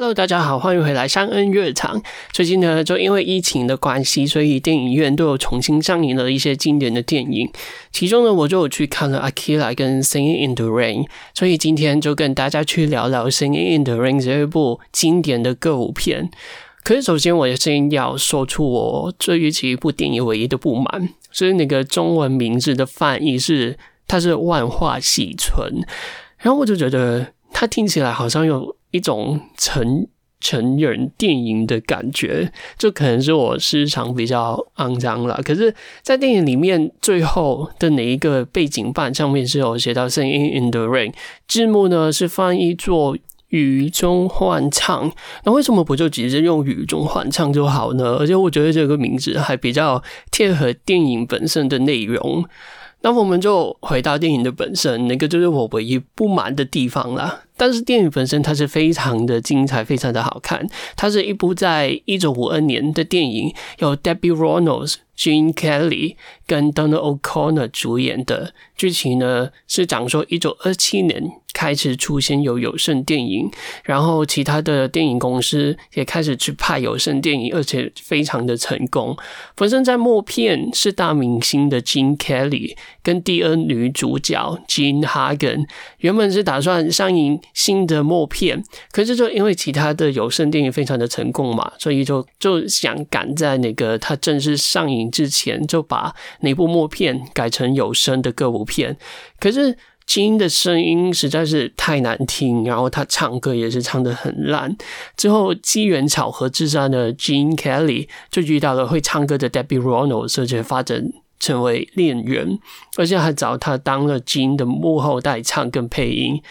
Hello，大家好，歡迎回來上恩樂場。最近呢，就因為疫情的關係，所以電影院都有重新上映了一些經典的電影。其中呢，我就有去看了《Akira》跟《Singin' in the Rain》，所以今天就跟大家去聊聊《Singin' in the Rain》這部經典的歌舞片。可是，首先我先要說出我對於這一部電影唯一的不滿，所以那個中文名字的翻譯是“它是萬花嬉春”，然後我就覺得它聽起來好像有，一種成成人電影的感覺，就可能是我時常比較骯髒啦。可是，在電影裡面最後的哪一個背景板上面是有寫到《Singin' in the Rain》，字幕呢是翻譯做“雨中歡唱”。那為什麼不就直接用“雨中歡唱”就好呢？而且我覺得這個名字還比較貼合電影本身的內容。那我們就回到電影的本身，那個就是我唯一不滿的地方啦。但是電影本身它是非常的精彩，非常的好看。它是一部在一九五二年的電影，由 Debbie Reynolds、Gene Kelly 跟 Donald O'Connor 主演的。劇情呢，是講說一九二七年。開始出現有有聲電影，然後其他的電影公司也開始去拍有聲電影，而且非常的成功。本身在默片是大明星的金凱利跟第二女主角金哈根，原本是打算上映新的默片，可是就因為其他的有聲電影非常的成功嘛，所以就就想趕在那個他正式上映之前，就把那部默片改成有聲的歌舞片，可是，金的聲音實在是太難聽，然後他唱歌也是唱得很爛。之後機緣巧合之下的 Gene Kelly 就遇到了會唱歌的 Debbie Reynolds，而且發展成，成為戀人，而且還找他當了金的幕後代唱跟配音。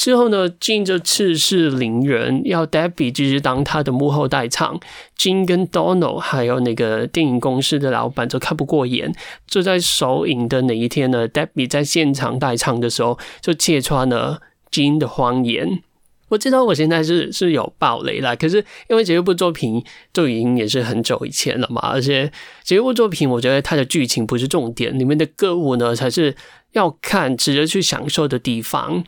之後呢，金就恃勢凌人，要 Debbie 繼續當他的幕後代唱。金跟 Donald 還有那個電影公司的老闆都看不過眼，就在首映的那一天呢，Debbie 在現場代唱的時候，就揭穿了金的謊言。我知道我現在是是有爆雷啦，可是因為這一部作品就已經也是很久以前了嘛，而且這部作品，我覺得它的劇情不是重點，裡面的歌舞呢才是要看、值得去享受的地方。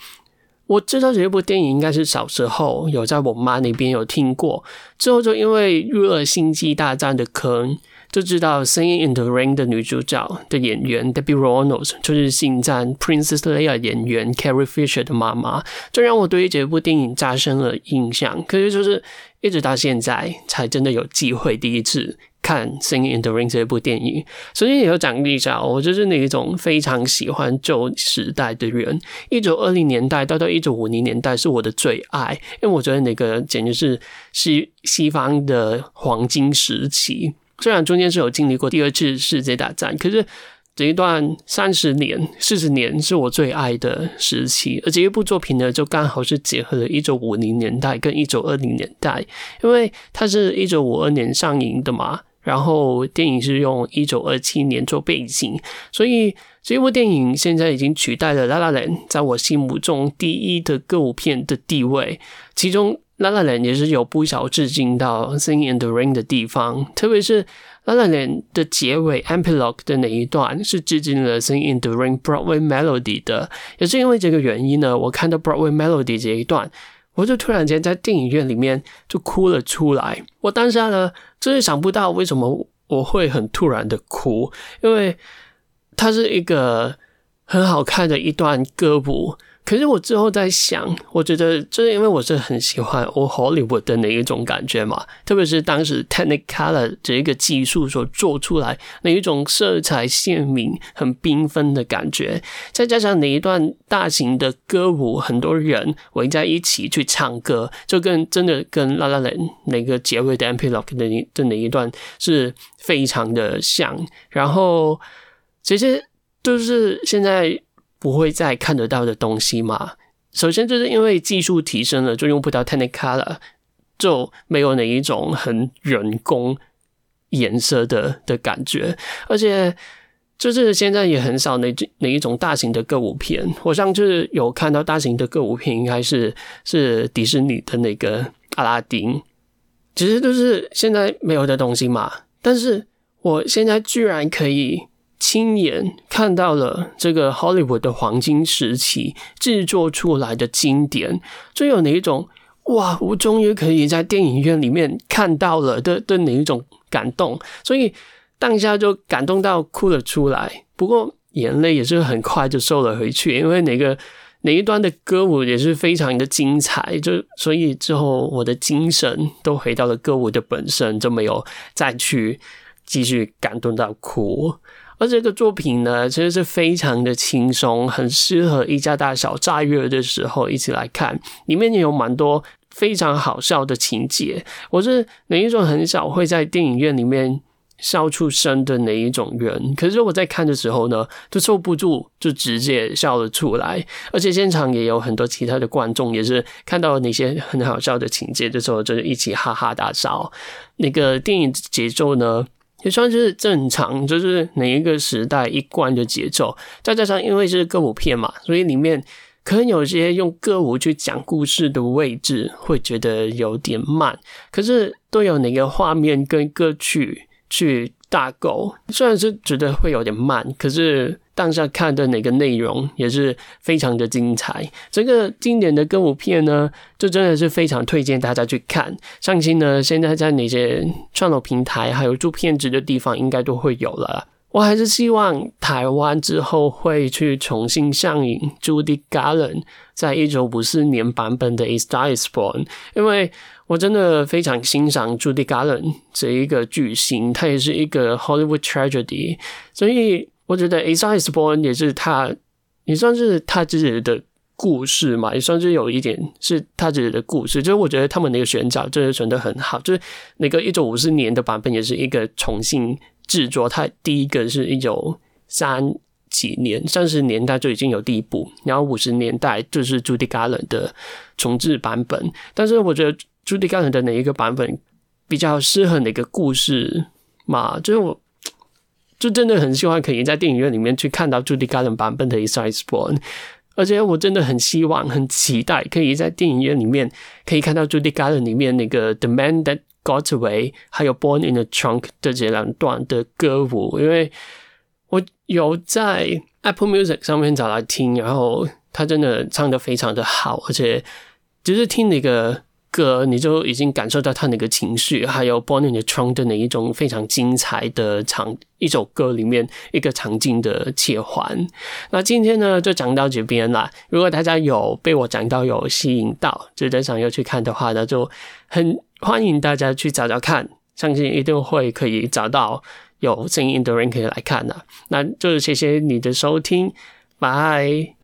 我知道這部電影應該是小時候有在我媽那邊有聽過，之後就因為入了《星際大戰》的坑。就知道《Singin' in the Rain》的女主角的演員 Debbie Reynolds 就是《星戰》Princess Leia 演員 Carrie Fisher 的媽媽，這讓我對這部電影加深了印象。可是，就是一直到現在才真的有機會第一次看《Singin' in the Rain》這部電影。首先，也要講一下，我就是那種非常喜歡舊時代的人，一九二零年代到到一九五零年代是我的最愛，因為我覺得那個簡直是是西方的黃金時期。雖然中間是有經歷過第二次世界大戰，可是這一段三十年、四十年是我最愛的時期，而這一部作品呢，就剛好是結合了一九五零年代跟一九二零年代，因為它是一九五二年上映的嘛，然後電影是用一九二七年做背景，所以這一部電影現在已經取代了《La La Land》在我心目中第一的歌舞片的地位。其中，《La La Land》也是有不少致敬到《Sing in the Rain》的地方，特別是《La La Land》的結尾《Epilogue m》的那一段是致敬了《Sing in the Rain》《Broadway Melody》的。也是因為這個原因呢，我看到《Broadway Melody》這一段，我就突然間在電影院裡面就哭了出來。我當下呢，真、就是想不到為什麼我會很突然的哭，因為它是一個很好看的一段歌舞。可是我之後在想，我覺得就是因為我是很喜歡 Old Hollywood 的那一種感覺嘛，特別是當時 Technicolor 這一個技術所做出來那一種色彩鮮明、很繽紛的感覺，再加上那一段大型的歌舞，很多人圍在一起去唱歌，就跟真的跟《La La Land》那個結尾的 Epilogue 的的那一段是非常的像。然後其實都是現在，不會再看得到的東西嘛？首先就是因為技術提升了，就用不到 Technicolor，就沒有哪一種很人工顏色的的感覺。而且就是現在也很少哪哪一種大型的歌舞片。我上次有看到大型的歌舞片應，應該是是迪士尼的那個阿拉丁。其實都是現在沒有的東西嘛。但是我現在居然可以。親眼看到了這個 Hollywood 的黃金時期製作出來的經典，就有那一種哇，我終於可以在電影院裡面看到了的，的那一種感動，所以當下就感動到哭了出來。不過眼淚也是很快就收了回去，因為那個那一段的歌舞也是非常的精彩，就所以之後我的精神都回到了歌舞的本身，就沒有再去繼續感動到哭。而且這個作品呢，其實是非常的輕鬆，很適合一家大小炸熱的時候一起來看。裡面也有蠻多非常好笑的情節。我是那一種很少會在電影院裡面笑出聲的那一種人。可是我在看的時候呢，都受不住，就直接笑了出來。而且現場也有很多其他的觀眾，也是看到那些很好笑的情節的時候，就是一起哈哈大笑。那個電影節奏呢？也算是正常，就是哪一個時代一貫的節奏。再加上因為是歌舞片嘛，所以裡面可能有些用歌舞去講故事的位置，會覺得有點慢。可是都有哪個畫面跟歌曲去搭勾，雖然是覺得會有點慢，可是。當下看的哪個內容也是非常的精彩，這個經典的歌舞片呢，就真的是非常推薦大家去看。相信呢，現在在哪些串流平台還有做片職的地方，應該都會有了。我還是希望台灣之後會去重新上映 Judy Garland》在一九五四年版本的、e《Is d y i s g Born》，因為我真的非常欣賞 l a n d 這一個巨星，他也是一個 Hollywood tragedy，所以。我覺得《A Star Is Born》也是他，也算是他自己的故事嘛，也算是有一點是他自己的故事。就是我覺得他們那個選角，就是選的很好。就是那個一九五四年的版本，也是一個重新製作。他第一個是一九三幾年、三十年代就已經有第一部，然後五十年代就是朱迪·加蘭的重置版本。但是我覺得朱迪·加蘭的哪一個版本比較適合哪個故事嘛？就是我。就真的很希望可以在電影院裡面去看到 Judy Garland 版本的《A Star Is Born》，而且我真的很希望、很期待可以在電影院裡面可以看到 Judy Garland 裡面那個《The Man That Got Away》還有《Born in a Trunk》的這兩段的歌舞，因為我有在 Apple Music 上面找來聽，然後他真的唱得非常的好，而且就是聽那個。歌你就已經感受到他那個情緒，還有《Born in the Trunk》的那一種非常精彩的場，一首歌裡面一個場景的切換。那今天呢就講到這邊了。如果大家有被我講到有吸引到，就真想要去看的話呢，那就很歡迎大家去找找看，相信一定會可以找到有聲音的 Rank 來看啦。那就謝謝你的收聽，拜。